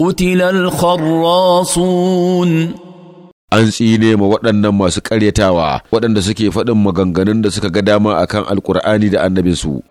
قتل الخراصون an tsine ma waɗannan masu ƙaryatawa waɗanda suke faɗin maganganun da suka ga dama akan alƙur'ani da annabinsu